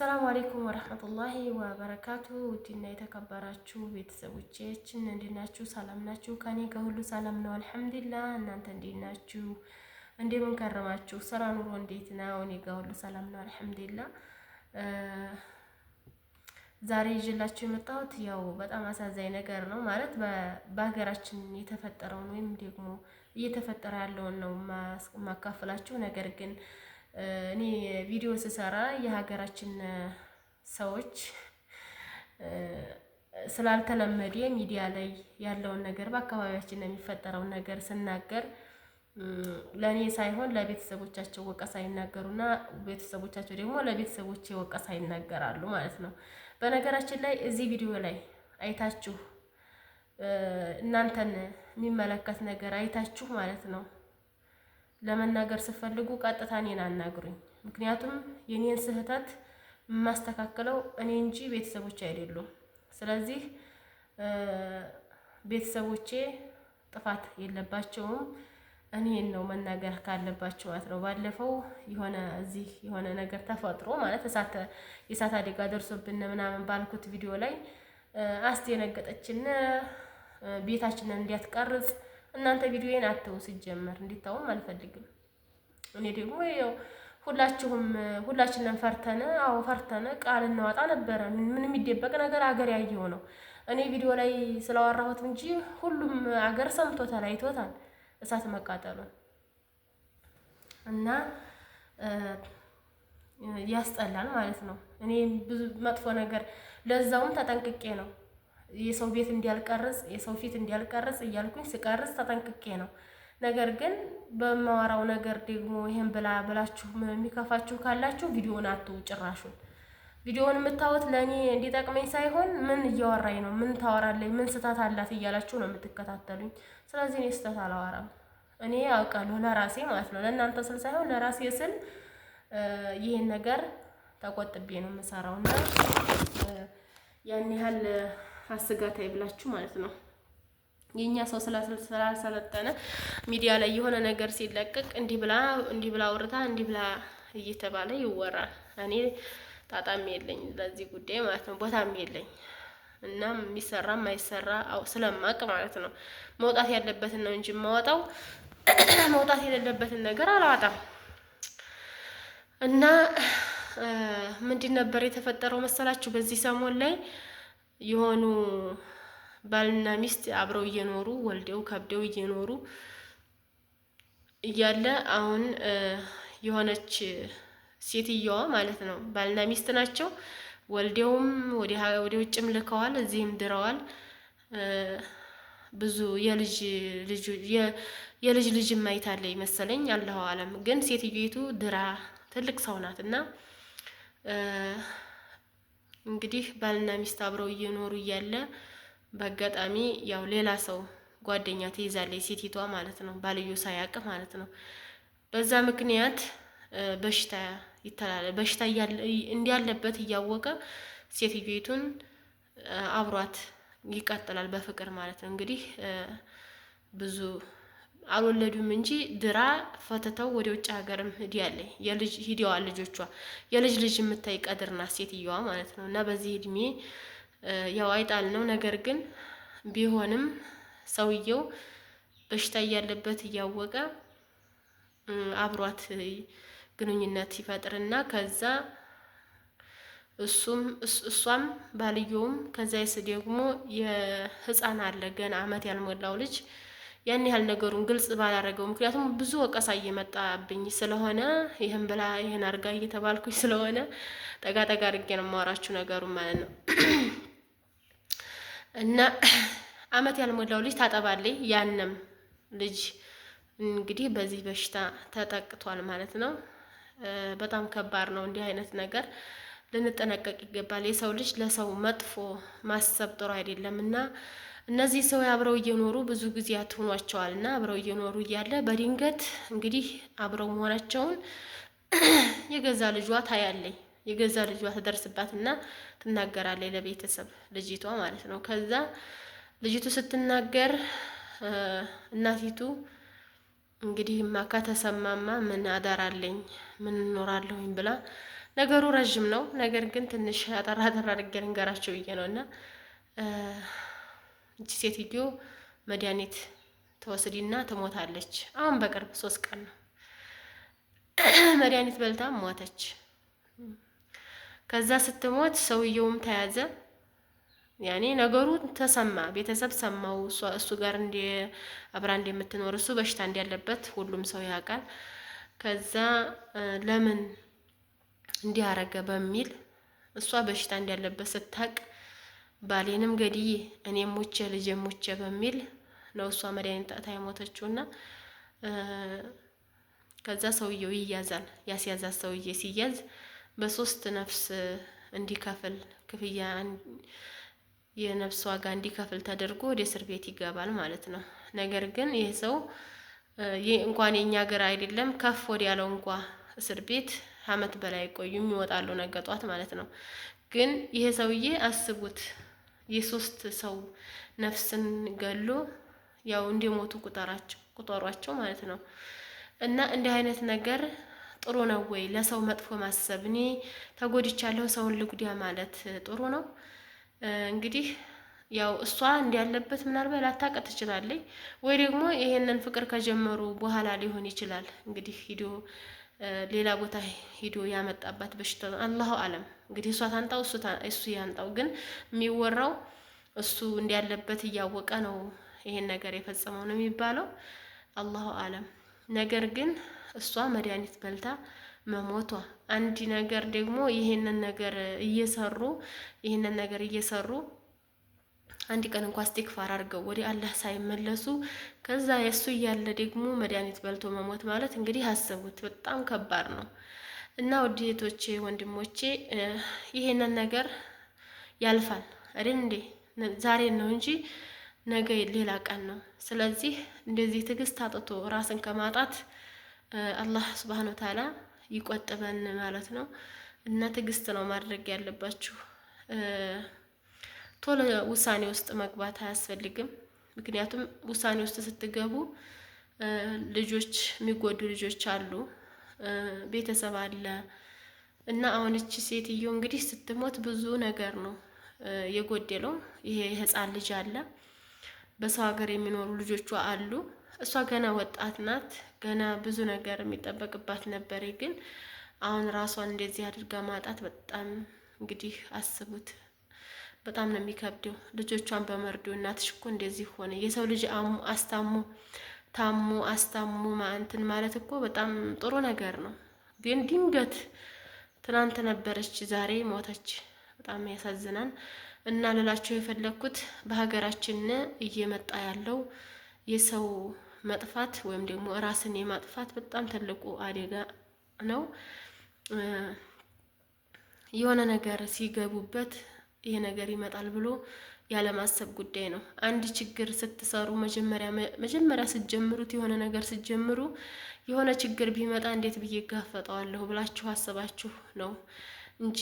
ሰላም አሌይኩም ወረህመቱላሂ ወበረካቱ። ውድና የተከበራችሁ ቤተሰቦቻችን እንዴት ናችሁ? ሰላም ናችሁ? ከኔ ጋር ሁሉ ሰላም ነው አልሐምዱሊላህ። እናንተ እንዴት ናችሁ? እንደምን ከረማችሁ? ስራ ኑሮ እንዴት ነው? እኔ ጋር ሁሉ ሰላም ነው አልሐምዱሊላህ። ዛሬ ይዤላችሁ የመጣሁት ያው በጣም አሳዛኝ ነገር ነው ማለት በሀገራችን የተፈጠረውን ወይም ደግሞ እየተፈጠረ ያለውን ነው ማካፍላችሁ ነገር ግን እኔ ቪዲዮ ስሰራ የሀገራችን ሰዎች ስላልተለመዱ ሚዲያ ላይ ያለውን ነገር በአካባቢያችን የሚፈጠረውን ነገር ስናገር ለእኔ ሳይሆን ለቤተሰቦቻቸው ወቀሳ ይናገሩና ቤተሰቦቻቸው ደግሞ ለቤተሰቦቼ ወቀሳ ይናገራሉ ማለት ነው። በነገራችን ላይ እዚህ ቪዲዮ ላይ አይታችሁ እናንተን የሚመለከት ነገር አይታችሁ ማለት ነው ለመናገር ስፈልጉ ቀጥታ እኔን አናግሩኝ። ምክንያቱም የኔን ስህተት የማስተካከለው እኔ እንጂ ቤተሰቦቼ አይደሉም። ስለዚህ ቤተሰቦቼ ጥፋት የለባቸውም። እኔን ነው መናገር ካለባቸው ነው። ባለፈው የሆነ እዚህ የሆነ ነገር ተፈጥሮ ማለት የእሳት አደጋ ደርሶብን ምናምን ባልኩት ቪዲዮ ላይ አስደነገጠችን ቤታችንን እንዲያትቀርጽ እናንተ ቪዲዮዬን አትው ሲጀመር እንዲታውም አልፈልግም። እኔ ደግሞ ያው ሁላችሁም ሁላችንም ፈርተን አዎ ፈርተን ቃል እናወጣ ነበረ። ምን የሚደበቅ ነገር አገር ያየው ነው። እኔ ቪዲዮ ላይ ስላወራሁት እንጂ ሁሉም አገር ሰምቶታል፣ አይቶታል እሳት መቃጠሉ እና ያስጠላል ማለት ነው። እኔ ብዙ መጥፎ ነገር ለዛውም ተጠንቅቄ ነው የሰው ቤት እንዲያልቀርጽ የሰው ፊት እንዲያልቀርጽ እያልኩኝ ስቀርጽ ተጠንቅቄ ነው። ነገር ግን በማወራው ነገር ደግሞ ይህን ብላ ብላችሁ የሚከፋችሁ ካላችሁ ቪዲዮን አቶ ጭራሹን ቪዲዮውን የምታዩት ለእኔ እንዲጠቅመኝ ሳይሆን ምን እያወራኝ ነው፣ ምን ታወራለኝ፣ ምን ስህተት አላት እያላችሁ ነው የምትከታተሉኝ። ስለዚህ እኔ ስህተት አላወራም። እኔ አውቃለሁ ለራሴ ማለት ነው፣ ለእናንተ ስል ሳይሆን ለራሴ ስል ይህን ነገር ተቆጥቤ ነው የምሰራው እና ያን ያህል ከስጋት አይብላችሁ ማለት ነው። የኛ ሰው ስላልሰለጠነ ሚዲያ ላይ የሆነ ነገር ሲለቀቅ እንዲህ ብላ እንዲህ ብላ አውርታ እንዲህ ብላ እየተባለ ይወራል። እኔ ጣጣም የለኝ ለዚህ ጉዳይ ማለት ነው፣ ቦታም የለኝ እና የሚሰራ ማይሰራ ስለማቅ ማለት ነው። መውጣት ያለበትን ነው እንጂ የማወጣው መውጣት የሌለበትን ነገር አላወጣም። እና ምንድን ነበር የተፈጠረው መሰላችሁ በዚህ ሰሞን ላይ የሆኑ ባልና ሚስት አብረው እየኖሩ ወልደው ከብደው እየኖሩ እያለ አሁን የሆነች ሴትየዋ ማለት ነው ባልና ሚስት ናቸው። ወልደውም ወደ ውጭም ልከዋል፣ እዚህም ድረዋል። ብዙ የልጅ የልጅ ልጅ ማይታለ መሰለኝ አለሁ አለም ግን ሴትዮቱ ድራ ትልቅ ሰው ናት እና እንግዲህ ባልና ሚስት አብረው እየኖሩ እያለ በአጋጣሚ ያው ሌላ ሰው ጓደኛ ትይዛለች ሴቲቷ ማለት ነው፣ ባልዮ ሳያውቅ ማለት ነው። በዛ ምክንያት በሽታ ይተላለ በሽታ እንዲያለበት እያወቀ ሴትዮቱን አብሯት ይቀጥላል በፍቅር ማለት ነው። እንግዲህ ብዙ አልወለዱም እንጂ ድራ ፈትተው ወደ ውጭ ሀገርም የልጅ ሂዲዋ ልጆቿ የልጅ ልጅ የምታይ ቀድርና ሴትየዋ ማለት ነው። እና በዚህ እድሜ ያው አይጣል ነው። ነገር ግን ቢሆንም ሰውየው በሽታ እያለበት እያወቀ አብሯት ግንኙነት ይፈጥርና ከዛ እሱም እሷም ባልየውም ከዛ ደግሞ የህፃን አለ ገና አመት ያልሞላው ልጅ ያን ያህል ነገሩን ግልጽ ባላረገው፣ ምክንያቱም ብዙ ወቀሳ እየመጣብኝ ስለሆነ ይህን ብላ ይህን አርጋ እየተባልኩኝ ስለሆነ ጠጋ ጠጋ አድርጌ ነው የማወራችሁ ነገሩ ማለት ነው። እና አመት ያልሞላው ልጅ ታጠባለይ። ያንም ልጅ እንግዲህ በዚህ በሽታ ተጠቅቷል ማለት ነው። በጣም ከባድ ነው እንዲህ አይነት ነገር ልንጠነቀቅ ይገባል። የሰው ልጅ ለሰው መጥፎ ማሰብ ጥሩ አይደለም እና እነዚህ ሰው አብረው እየኖሩ ብዙ ጊዜያት ሆኗቸዋል እና አብረው እየኖሩ እያለ በድንገት እንግዲህ አብረው መሆናቸውን የገዛ ልጇ ታያለኝ። የገዛ ልጇ ትደርስባትና ትናገራለች ለቤተሰብ ልጅቷ ማለት ነው። ከዛ ልጅቱ ስትናገር እናቲቱ እንግዲህማ ከተሰማማ ምን አዳራለኝ ምን እኖራለሁኝ ብላ ነገሩ ረዥም ነው። ነገር ግን ትንሽ አጠራ አጠራ አድርጌ ልንገራቸው ብዬ ነው እና እቺ ሴትዮ መድኃኒት ተወስዲና ትሞታለች። አሁን በቅርብ ሶስት ቀን ነው መድኃኒት በልታም ሞተች። ከዛ ስትሞት ሰውየውም ተያዘ። ያኔ ነገሩ ተሰማ፣ ቤተሰብ ሰማው። እሱ ጋር እንደ አብራ እንደምትኖር እሱ በሽታ እንዳለበት ሁሉም ሰው ያውቃል። ከዛ ለምን እንዲህ በሚል እሷ በሽታ እንዳለበት ስታውቅ ባሌንም ገድዬ እኔም ሙቼ ልጄም ሙቼ በሚል ነው እሷ መድኃኒት ጠጥታ የሞተችውና ከዛ ሰውየው ይያዛል። ያስያዛት ሰውዬ ሲያዝ በሶስት ነፍስ እንዲከፍል ክፍያ የነፍስ ዋጋ እንዲከፍል ተደርጎ ወደ እስር ቤት ይገባል ማለት ነው። ነገር ግን ይህ ሰው እንኳን የኛ ሀገር አይደለም ከፍ ወዲያለው እንኳ እስር ቤት አመት በላይ ቆዩ ይወጣሉ ነገጧት ማለት ነው። ግን ይሄ ሰውዬ አስቡት የሶስት ሰው ነፍስን ገሎ ያው እንደሞቱ ቁጠራቸው ቁጠሯቸው ማለት ነው። እና እንዲህ አይነት ነገር ጥሩ ነው ወይ? ለሰው መጥፎ ማሰብ፣ እኔ ተጎድቻለሁ ሰውን ልጉዳ ማለት ጥሩ ነው? እንግዲህ ያው እሷ እንዲያለበት ምናልባት ላታውቅ ትችላለች፣ ወይ ደግሞ ይሄንን ፍቅር ከጀመሩ በኋላ ሊሆን ይችላል እንግዲህ ሂዶ ሌላ ቦታ ሂዶ ያመጣባት በሽታ አላሁ አለም እንግዲህ እሷ ታንጣው እሱ ያንጣው። ግን የሚወራው እሱ እንዲያለበት እያወቀ ነው ይሄን ነገር የፈጸመው ነው የሚባለው። አላሁ አለም። ነገር ግን እሷ መድኃኒት በልታ መሞቷ አንድ ነገር ደግሞ ይሄንን ነገር እየሰሩ ይሄንን ነገር እየሰሩ አንድ ቀን እንኳ እስቲክፋር አድርገው ወደ አላህ ሳይመለሱ ከዛ የእሱ እያለ ደግሞ መድኃኒት በልቶ መሞት ማለት እንግዲህ አስቡት፣ በጣም ከባድ ነው እና ውዴቶቼ፣ ወንድሞቼ ይሄንን ነገር ያልፋል አይደል እንዴ? ዛሬ ነው እንጂ ነገ ሌላ ቀን ነው። ስለዚህ እንደዚህ ትዕግስት አጥቶ ራስን ከማጣት አላህ ሱብሃነሁ ወተዓላ ይቆጥበን ማለት ነው። እና ትዕግስት ነው ማድረግ ያለባችሁ። ቶሎ ውሳኔ ውስጥ መግባት አያስፈልግም። ምክንያቱም ውሳኔ ውስጥ ስትገቡ ልጆች የሚጎዱ ልጆች አሉ፣ ቤተሰብ አለ እና አሁን እቺ ሴትዮ እንግዲህ ስትሞት ብዙ ነገር ነው የጎደለው። ይሄ የህፃን ልጅ አለ፣ በሰው ሀገር የሚኖሩ ልጆቿ አሉ። እሷ ገና ወጣት ናት፣ ገና ብዙ ነገር የሚጠበቅባት ነበር። ግን አሁን ራሷን እንደዚህ አድርጋ ማጣት በጣም እንግዲህ አስቡት። በጣም ነው የሚከብደው። ልጆቿን በመርዶ እናትሽ እኮ እንደዚህ ሆነ። የሰው ልጅ አሙ አስታሙ ታሙ አስታሙ ማለት እኮ በጣም ጥሩ ነገር ነው። ግን ድንገት ትናንት ነበረች፣ ዛሬ ሞተች። በጣም ያሳዝናል። እና ልላችሁ የፈለግኩት በሀገራችን እየመጣ ያለው የሰው መጥፋት ወይም ደግሞ ራስን የማጥፋት በጣም ትልቁ አደጋ ነው። የሆነ ነገር ሲገቡበት ይሄ ነገር ይመጣል ብሎ ያለማሰብ ጉዳይ ነው። አንድ ችግር ስትሰሩ መጀመሪያ መጀመሪያ ስትጀምሩት የሆነ ነገር ስትጀምሩ የሆነ ችግር ቢመጣ እንዴት ብዬ እጋፈጠዋለሁ ብላችሁ አስባችሁ ነው እንጂ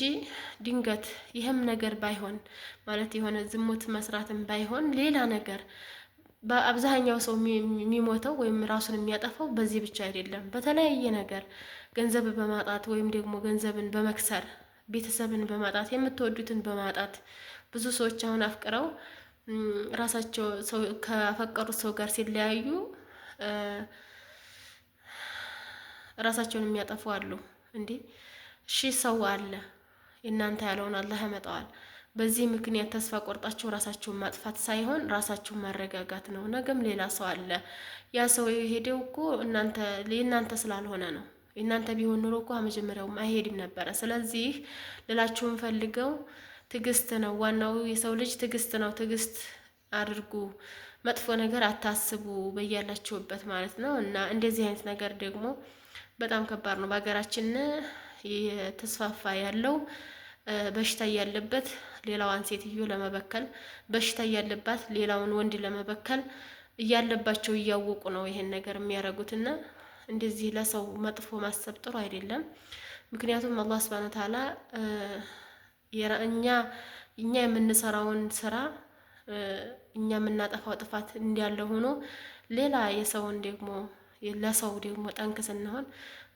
ድንገት ይህም ነገር ባይሆን ማለት የሆነ ዝሙት መስራትም ባይሆን ሌላ ነገር በአብዛኛው ሰው የሚሞተው ወይም ራሱን የሚያጠፋው በዚህ ብቻ አይደለም፣ በተለያየ ነገር ገንዘብ በማጣት ወይም ደግሞ ገንዘብን በመክሰር ቤተሰብን በማጣት የምትወዱትን በማጣት ብዙ ሰዎች አሁን አፍቅረው ራሳቸው ሰው ካፈቀሩት ሰው ጋር ሲለያዩ ራሳቸውን የሚያጠፉ አሉ። እንዴ እሺ ሰው አለ። እናንተ ያለውን አላህ ያመጣዋል። በዚህ ምክንያት ተስፋ ቆርጣችሁ ራሳችሁን ማጥፋት ሳይሆን ራሳችሁን ማረጋጋት ነው። ነገም ሌላ ሰው አለ። ያ ሰው የሄደው እኮ እናንተ የእናንተ ስላልሆነ ነው። እናንተ ቢሆን ኑሮ እኮ መጀመሪያውም አይሄድም ነበረ። ስለዚህ ልላችሁን ፈልገው ትዕግስት ነው ዋናው። የሰው ልጅ ትዕግስት ነው። ትዕግስት አድርጉ፣ መጥፎ ነገር አታስቡ በያላችሁበት ማለት ነው። እና እንደዚህ አይነት ነገር ደግሞ በጣም ከባድ ነው። በሀገራችን የተስፋፋ ያለው በሽታ ያለበት ሌላዋን ሴትዮ ለመበከል፣ በሽታ ያለባት ሌላውን ወንድ ለመበከል እያለባቸው እያወቁ ነው ይሄን ነገር የሚያደርጉትና እንደዚህ ለሰው መጥፎ ማሰብ ጥሩ አይደለም። ምክንያቱም አላህ ሱብሃነሁ ወተዓላ እኛ እኛ የምንሰራውን ስራ እኛ የምናጠፋው ጥፋት እንዲያለ ሆኖ ሌላ የሰውን ደግሞ ለሰው ደግሞ ጠንክ ስንሆን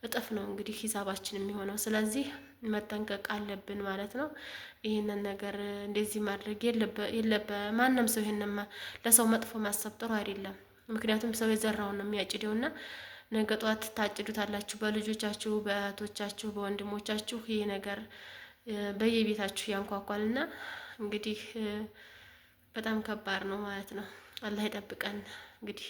እጥፍ ነው እንግዲህ ሂሳባችን የሚሆነው። ስለዚህ መጠንቀቅ አለብን ማለት ነው። ይህንን ነገር እንደዚህ ማድረግ የለበ ማንም ሰው ይህንን ለሰው መጥፎ ማሰብ ጥሩ አይደለም። ምክንያቱም ሰው የዘራውን ነው የሚያጭደውና ነገ ጧት ታጭዱታላችሁ። በልጆቻችሁ፣ በእህቶቻችሁ፣ በወንድሞቻችሁ ይህ ነገር በየቤታችሁ ያንኳኳል እና እንግዲህ በጣም ከባድ ነው ማለት ነው። አላህ ይጠብቀን። እንግዲህ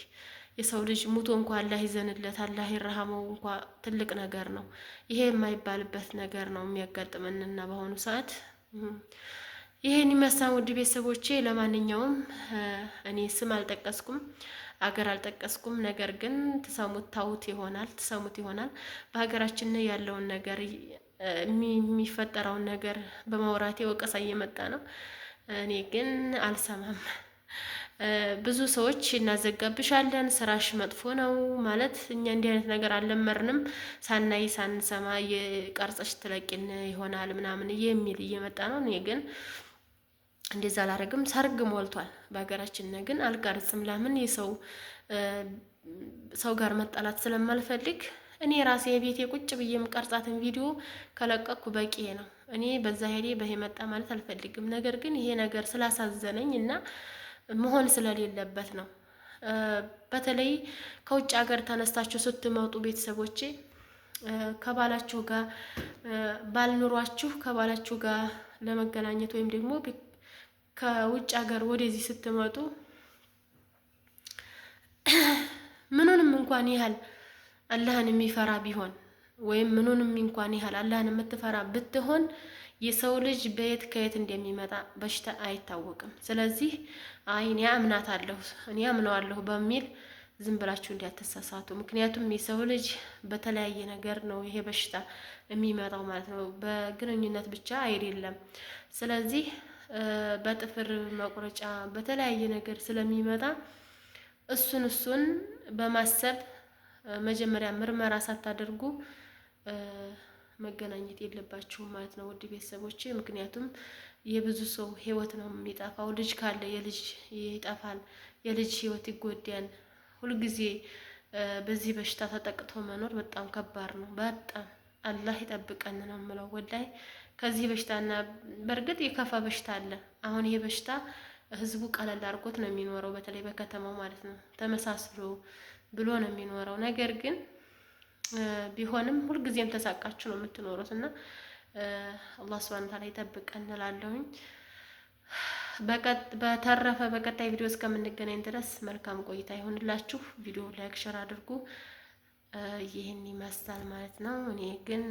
የሰው ልጅ ሙቶ እንኳ አላህ ይዘንለት አላህ ይረሃመው እንኳ ትልቅ ነገር ነው። ይሄ የማይባልበት ነገር ነው የሚያጋጥመንና በአሁኑ ሰዓት ይሄን ይመስላል ውድ ቤተሰቦቼ። ለማንኛውም እኔ ስም አልጠቀስኩም፣ አገር አልጠቀስኩም። ነገር ግን ትሰሙት ታውት ይሆናል ትሰሙት ይሆናል። በሀገራችን ያለውን ነገር የሚፈጠረውን ነገር በማውራቴ ወቀሳ እየመጣ ነው። እኔ ግን አልሰማም። ብዙ ሰዎች እናዘጋብሻለን፣ ስራሽ መጥፎ ነው ማለት እኛ እንዲህ አይነት ነገር አልለመርንም፣ ሳናይ ሳንሰማ የቀርጸሽ ትለቂን ይሆናል ምናምን የሚል እየመጣ ነው። እኔ ግን እንደዛ አላረግም። ሰርግ ሞልቷል በሀገራችን ነ ግን አልቀርጽም። ለምን የሰው ሰው ጋር መጣላት ስለማልፈልግ እኔ ራሴ የቤቴ ቁጭ ብዬ የምቀርጻትን ቪዲዮ ከለቀኩ በቂ ነው። እኔ በዛ ሄዴ በሄ መጣ ማለት አልፈልግም። ነገር ግን ይሄ ነገር ስላሳዘነኝ እና መሆን ስለሌለበት ነው። በተለይ ከውጭ ሀገር ተነስታችሁ ስትመጡ ቤተሰቦቼ ከባላችሁ ጋር ባልኑሯችሁ ከባላችሁ ጋር ለመገናኘት ወይም ደግሞ ከውጭ ሀገር ወደዚህ ስትመጡ ምኑንም እንኳን ያህል አላህን የሚፈራ ቢሆን ወይም ምኑንም እንኳን ያህል አላህን የምትፈራ ብትሆን የሰው ልጅ በየት ከየት እንደሚመጣ በሽታ አይታወቅም። ስለዚህ አይ እኔ አምናታለሁ እኔ አምነዋለሁ በሚል ዝም ብላችሁ እንዲያተሳሳቱ። ምክንያቱም የሰው ልጅ በተለያየ ነገር ነው ይሄ በሽታ የሚመጣው ማለት ነው፣ በግንኙነት ብቻ አይደለም። ስለዚህ በጥፍር መቁረጫ በተለያየ ነገር ስለሚመጣ እሱን እሱን በማሰብ መጀመሪያ ምርመራ ሳታደርጉ መገናኘት የለባችሁም ማለት ነው ውድ ቤተሰቦች። ምክንያቱም የብዙ ሰው ህይወት ነው የሚጠፋው። ልጅ ካለ የልጅ ይጠፋል፣ የልጅ ህይወት ይጎዳል። ሁልጊዜ በዚህ በሽታ ተጠቅቶ መኖር በጣም ከባድ ነው። በጣም አላህ ይጠብቀን ነው የምለው ወላሂ ከዚህ በሽታና በእርግጥ የከፋ በሽታ አለ። አሁን ይሄ በሽታ ህዝቡ ቀለል አድርጎት ነው የሚኖረው፣ በተለይ በከተማው ማለት ነው ተመሳስሎ ብሎ ነው የሚኖረው። ነገር ግን ቢሆንም ሁልጊዜም ተሳቃችሁ ነው የምትኖሩት እና አላህ ስብሃነ ተዓላ ይጠብቀን እንላለሁኝ። በተረፈ በቀጣይ ቪዲዮ እስከምንገናኝ ድረስ መልካም ቆይታ ይሆንላችሁ። ቪዲዮ ላይክ ሸር አድርጉ። ይህን ይመስላል ማለት ነው። እኔ ግን